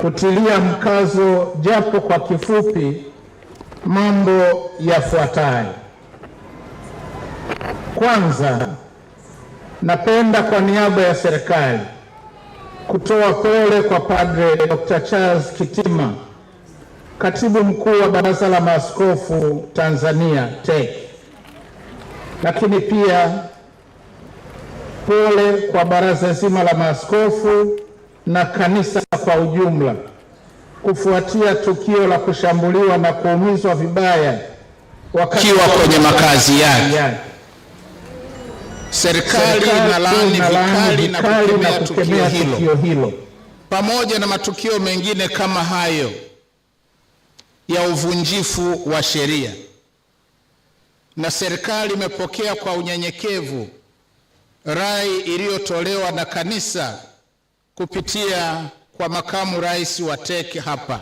kutilia mkazo japo kwa kifupi mambo yafuatayo. Kwanza, napenda kwa niaba ya serikali kutoa pole kwa Padre Dr. Charles Kitima, katibu mkuu wa Baraza la Maaskofu Tanzania TEC, lakini pia pole kwa baraza zima la maaskofu na kanisa kwa ujumla kufuatia tukio la kushambuliwa na kuumizwa vibaya wakiwa kwenye makazi yake. Serikali inalaani vikali na kukemea tukio hilo hilo pamoja na matukio mengine kama hayo ya uvunjifu wa sheria, na serikali imepokea kwa unyenyekevu rai iliyotolewa na kanisa kupitia kwa makamu rais wa TEC hapa.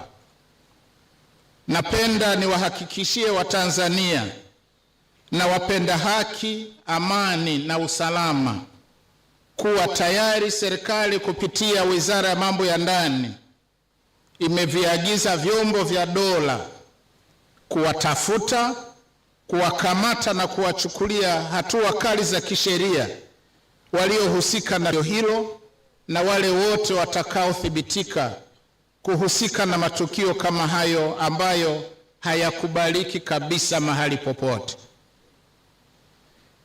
Napenda niwahakikishie Watanzania na wapenda haki, amani na usalama kuwa tayari serikali kupitia Wizara ya Mambo ya Ndani imeviagiza vyombo vya dola kuwatafuta, kuwakamata na kuwachukulia hatua kali za kisheria waliohusika na hilo na wale wote watakaothibitika kuhusika na matukio kama hayo ambayo hayakubaliki kabisa mahali popote.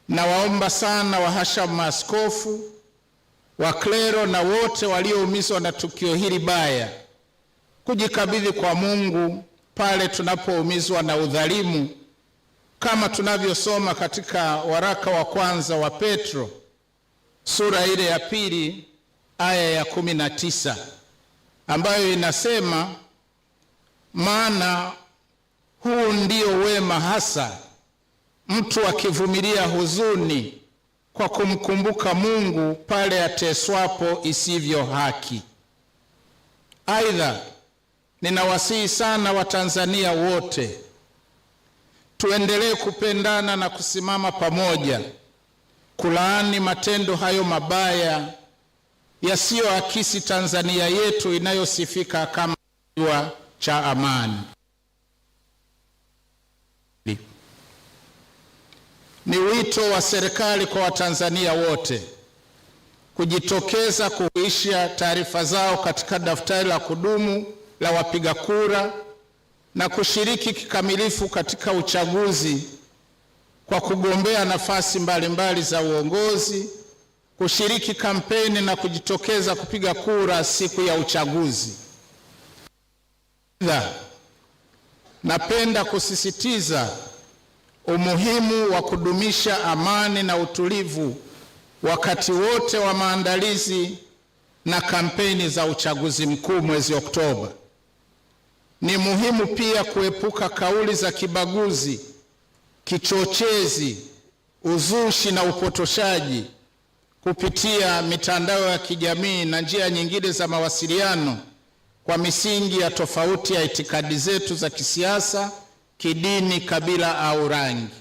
Nawaomba sana wahasha maaskofu, waklero na wote walioumizwa na tukio hili baya kujikabidhi kwa Mungu pale tunapoumizwa na udhalimu kama tunavyosoma katika waraka wa kwanza wa Petro sura ile ya pili aya ya kumi na tisa ambayo inasema, maana huu ndio wema hasa, mtu akivumilia huzuni kwa kumkumbuka Mungu pale ateswapo isivyo haki. Aidha, ninawasihi sana Watanzania wote tuendelee kupendana na kusimama pamoja kulaani matendo hayo mabaya yasiyoakisi Tanzania yetu inayosifika kama jua cha amani. Ni wito wa serikali kwa Watanzania wote kujitokeza kuhuisha taarifa zao katika daftari la kudumu la wapiga kura na kushiriki kikamilifu katika uchaguzi kwa kugombea nafasi mbalimbali za uongozi kushiriki kampeni na kujitokeza kupiga kura siku ya uchaguzi. Napenda kusisitiza umuhimu wa kudumisha amani na utulivu wakati wote wa maandalizi na kampeni za uchaguzi mkuu mwezi Oktoba. Ni muhimu pia kuepuka kauli za kibaguzi, kichochezi, uzushi na upotoshaji kupitia mitandao ya kijamii na njia nyingine za mawasiliano kwa misingi ya tofauti ya itikadi zetu za kisiasa, kidini, kabila au rangi.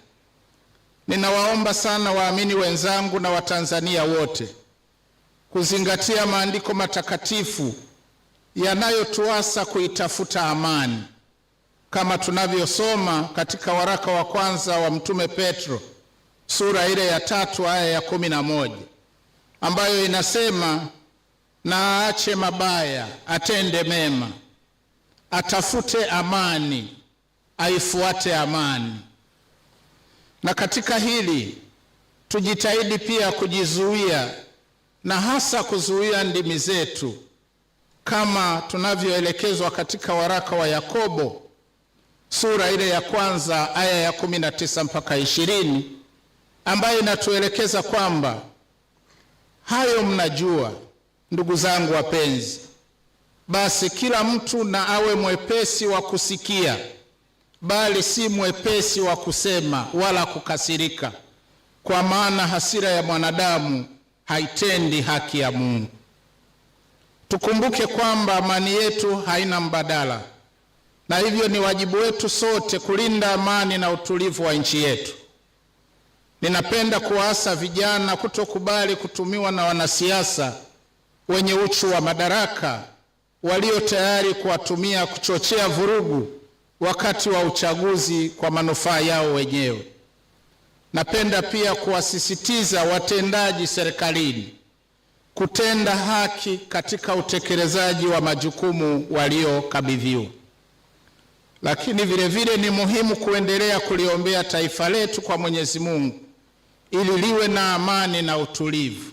Ninawaomba sana waamini wenzangu na Watanzania wote kuzingatia maandiko matakatifu yanayotuasa kuitafuta amani kama tunavyosoma katika waraka wa kwanza wa Mtume Petro sura ile ya tatu aya ya kumi na moja ambayo inasema na aache mabaya, atende mema, atafute amani, aifuate amani. Na katika hili tujitahidi pia kujizuia na hasa kuzuia ndimi zetu, kama tunavyoelekezwa katika waraka wa Yakobo sura ile ya kwanza aya ya 19 mpaka 20 ambayo inatuelekeza kwamba Hayo mnajua, ndugu zangu wapenzi. Basi kila mtu na awe mwepesi wa kusikia, bali si mwepesi wa kusema wala kukasirika, kwa maana hasira ya mwanadamu haitendi haki ya Mungu. Tukumbuke kwamba amani yetu haina mbadala, na hivyo ni wajibu wetu sote kulinda amani na utulivu wa nchi yetu. Ninapenda kuwaasa vijana kutokubali kutumiwa na wanasiasa wenye uchu wa madaraka walio tayari kuwatumia kuchochea vurugu wakati wa uchaguzi kwa manufaa yao wenyewe. Napenda pia kuwasisitiza watendaji serikalini kutenda haki katika utekelezaji wa majukumu waliokabidhiwa. Lakini vile vile ni muhimu kuendelea kuliombea taifa letu kwa Mwenyezi Mungu ili liwe na amani na utulivu,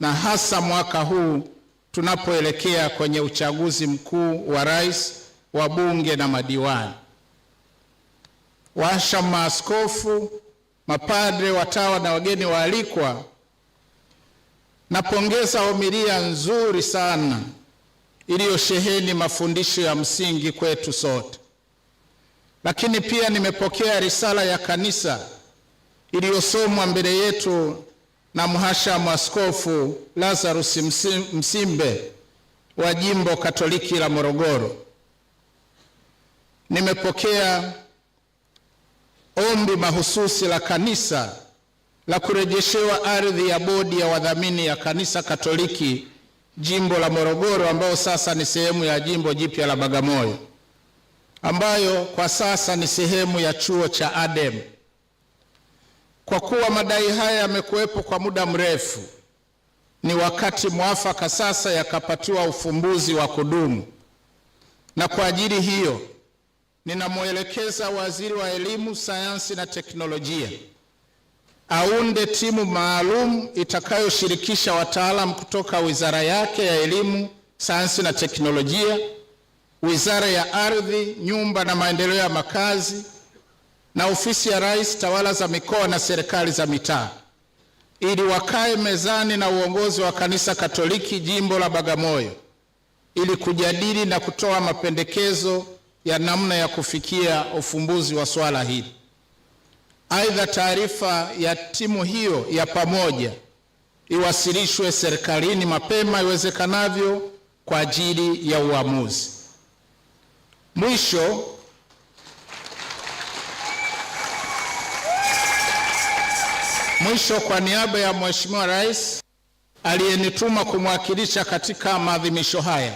na hasa mwaka huu tunapoelekea kwenye uchaguzi mkuu wa rais, wa bunge na madiwani. Washa maaskofu, mapadre, watawa na wageni waalikwa, napongeza homilia nzuri sana iliyosheheni mafundisho ya msingi kwetu sote, lakini pia nimepokea risala ya kanisa iliyosomwa mbele yetu na Mhashamu Askofu Lazarus Msimbe wa Jimbo Katoliki la Morogoro. Nimepokea ombi mahususi la kanisa la kurejeshewa ardhi ya bodi ya wadhamini ya kanisa Katoliki Jimbo la Morogoro ambayo sasa ni sehemu ya jimbo jipya la Bagamoyo ambayo kwa sasa ni sehemu ya chuo cha ADEM. Kwa kuwa madai haya yamekuwepo kwa muda mrefu, ni wakati mwafaka sasa yakapatiwa ufumbuzi wa kudumu, na kwa ajili hiyo ninamwelekeza Waziri wa Elimu, Sayansi na Teknolojia aunde timu maalum itakayoshirikisha wataalam kutoka wizara yake ya Elimu, Sayansi na Teknolojia, Wizara ya Ardhi, Nyumba na Maendeleo ya Makazi na ofisi ya Rais, tawala za mikoa na serikali za mitaa ili wakae mezani na uongozi wa Kanisa Katoliki jimbo la Bagamoyo ili kujadili na kutoa mapendekezo ya namna ya kufikia ufumbuzi wa swala hili. Aidha, taarifa ya timu hiyo ya pamoja iwasilishwe serikalini mapema iwezekanavyo kwa ajili ya uamuzi. Mwisho, Mwisho, kwa niaba ya Mheshimiwa Rais aliyenituma kumwakilisha katika maadhimisho haya,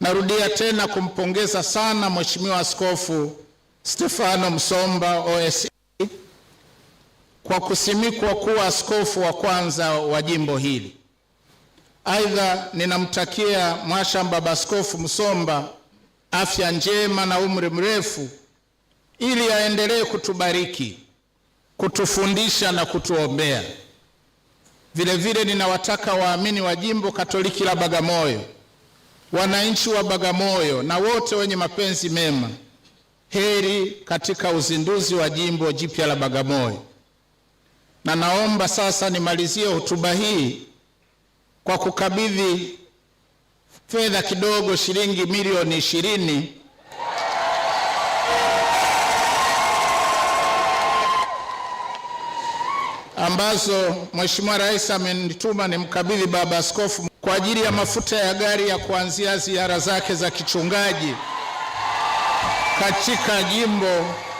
narudia tena kumpongeza sana Mheshimiwa Askofu Stefano Msomba OSE kwa kusimikwa kuwa askofu wa kwanza wa jimbo hili. Aidha, ninamtakia Mhashamu Baba Askofu Msomba afya njema na umri mrefu ili aendelee kutubariki kutufundisha na kutuombea. Vilevile ninawataka waamini wa Jimbo Katoliki la Bagamoyo, wananchi wa Bagamoyo na wote wenye mapenzi mema, heri katika uzinduzi wa jimbo jipya la Bagamoyo. Na naomba sasa nimalizie hotuba hii kwa kukabidhi fedha kidogo, shilingi milioni ishirini ambazo Mheshimiwa Rais amenituma nimkabidhi Baba Askofu kwa ajili ya mafuta ya gari ya kuanzia ziara zake za kichungaji katika jimbo